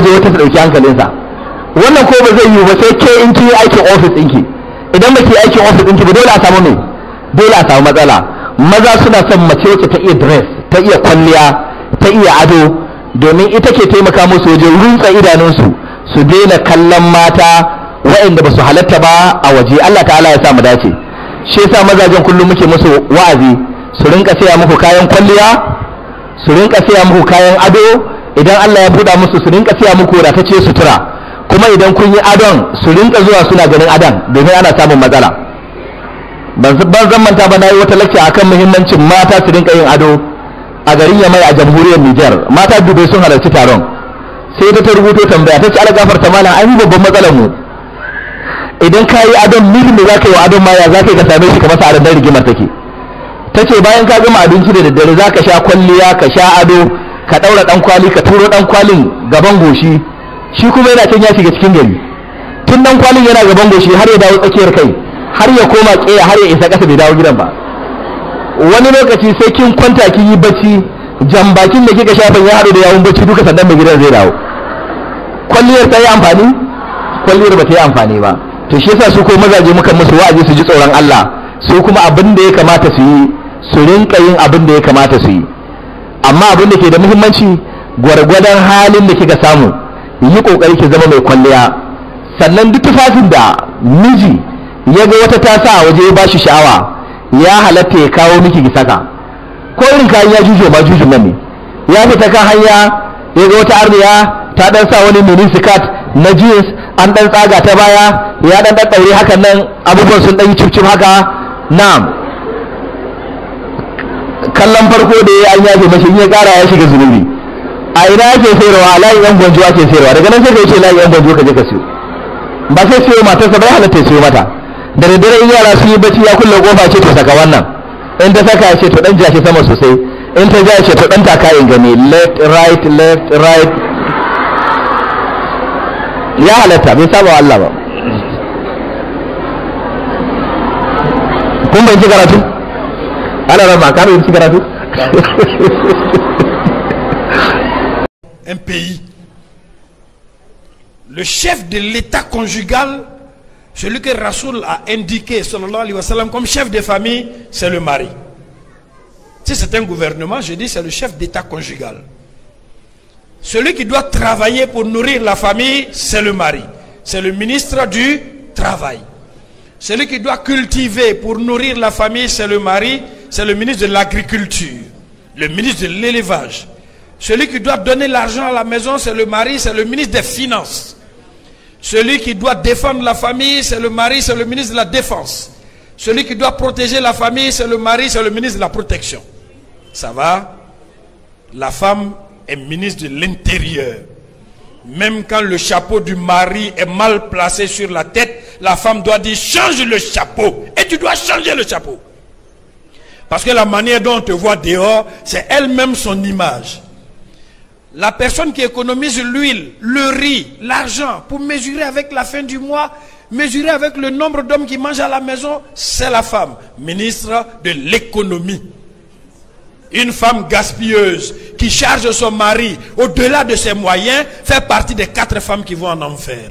waje wata ta ɗauki hankalinsa wannan ko ba zai yi ba sai ke in kiyi aikin ofis ɗinki idan ba aikin ofis ɗinki ba dole a samu me dole a samu matsala maza suna son mace wacce ta iya dress ta iya kwalliya ta iya ado domin ita ke taimaka musu wajen rutsa idanunsu su daina kallon mata waɗanda ba su halatta ba a waje Allah ta'ala ya sa mu dace shi yasa mazajen kullum muke musu wa'azi su rinka saya muku kayan kwalliya su rinka saya muku kayan ado idan Allah ya buɗa musu su rinka siya muku wadatacce sutura kuma idan kun yi adon su rinka zuwa suna ganin adon domin ana samun matsala ban zan manta ba na yi wata lacca akan muhimmancin mata su rinka yin ado a garin yamai a jamhuriyar Nijar mata dubai sun halarci taron sai ta rubuto tambaya ta ci ala ta malam yi babban matsalar mu idan ka yi adon mil za ka yi wa adon maya za ka yi ka same shi kamar sa'adar rigimar take ta ce bayan ka gama abinci da daddare za ka sha kwalliya ka sha ado ka ɗaura ɗan kwali ka turo ɗan kwalin gaban goshi shi kuma yana can ya shiga cikin gari tun ɗan kwalin yana gaban goshi har ya dawo tsakiyar kai har ya koma tsaye har ya isa ƙasa bai dawo gidan ba wani lokaci sai kin kwanta kin yi bacci jambakin da kika shafan ya haɗu da yawun bacci duka sandan mai gidan zai dawo kwalliyar ta yi amfani kwalliyar ba ta yi amfani ba to shi yasa su ko mazaje muka musu wa'azi su ji tsoron Allah su kuma abin da ya kamata su yi su rinka yin abin da ya kamata su yi amma abin da ke da muhimmanci gwargwadon halin da kika samu yi kokari ki zama mai kwalliya sannan duk tufafin da miji ya ga wata ta sa waje ya bashi sha'awa ya halatta ya kawo miki ki saka ko irin kayan ya jujo ma jujun nan ne ya fita kan hanya ya ga wata arziya ta dan sa wani mini skirt na jeans an dan tsaga ta baya ya dan dan daure hakan nan abubuwan sun dan yi cip haka na'am kallon farko da ya an yaje mashi ya kara ya shiga zunubi a ina ake sayarwa a layin yan gwanjo ake sayarwa daga nan sai ka ce layin yan gwanjo ka je ka siyo ba sai siyo matarsa ba ya halatta siyo mata da daddare in yara sun yi bacci ya kulle kofa ce to saka wannan in ta saka ce to dan ja sama sosai in ta ja ce to dan taka in gani left right left right ya halatta bai saba wa Allah ba kun bai ji karatu Ah un pays le chef de l'état conjugal celui que Rasoul a indiqué comme chef de famille c'est le mari si c'est un gouvernement je dis c'est le chef d'état conjugal celui qui doit travailler pour nourrir la famille c'est le mari c'est le ministre du travail celui qui doit cultiver pour nourrir la famille c'est le mari c'est le ministre de l'Agriculture, le ministre de l'Élevage. Celui qui doit donner l'argent à la maison, c'est le mari, c'est le ministre des Finances. Celui qui doit défendre la famille, c'est le mari, c'est le ministre de la Défense. Celui qui doit protéger la famille, c'est le mari, c'est le ministre de la Protection. Ça va La femme est ministre de l'Intérieur. Même quand le chapeau du mari est mal placé sur la tête, la femme doit dire change le chapeau. Et tu dois changer le chapeau. Parce que la manière dont on te voit dehors, c'est elle-même son image. La personne qui économise l'huile, le riz, l'argent, pour mesurer avec la fin du mois, mesurer avec le nombre d'hommes qui mangent à la maison, c'est la femme, ministre de l'économie. Une femme gaspilleuse qui charge son mari au-delà de ses moyens fait partie des quatre femmes qui vont en enfer.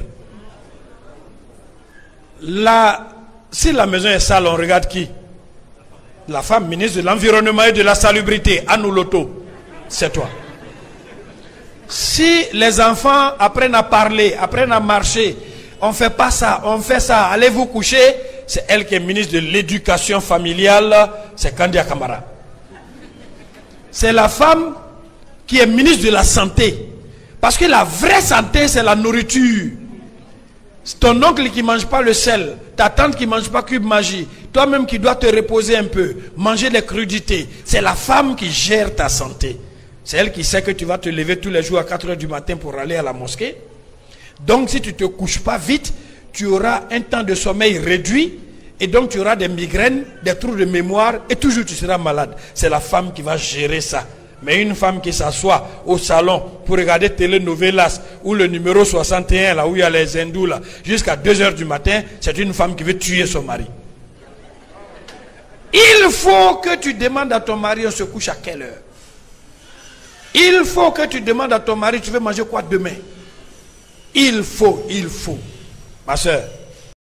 Là, si la maison est sale, on regarde qui la femme ministre de l'Environnement et de la Salubrité, Anou Loto, c'est toi. Si les enfants apprennent à parler, apprennent à marcher, on ne fait pas ça, on fait ça, allez vous coucher, c'est elle qui est ministre de l'éducation familiale, c'est Kandia Kamara. C'est la femme qui est ministre de la santé. Parce que la vraie santé, c'est la nourriture ton oncle qui ne mange pas le sel, ta tante qui ne mange pas cube magie, toi-même qui dois te reposer un peu, manger des crudités, c'est la femme qui gère ta santé. C'est elle qui sait que tu vas te lever tous les jours à 4 heures du matin pour aller à la mosquée. Donc si tu ne te couches pas vite, tu auras un temps de sommeil réduit et donc tu auras des migraines, des trous de mémoire et toujours tu seras malade. C'est la femme qui va gérer ça. Mais une femme qui s'assoit au salon pour regarder Télé Novelas ou le numéro 61, là où il y a les hindous, là, jusqu'à 2 heures du matin, c'est une femme qui veut tuer son mari. Il faut que tu demandes à ton mari, on se couche à quelle heure Il faut que tu demandes à ton mari, tu veux manger quoi demain Il faut, il faut. Ma soeur,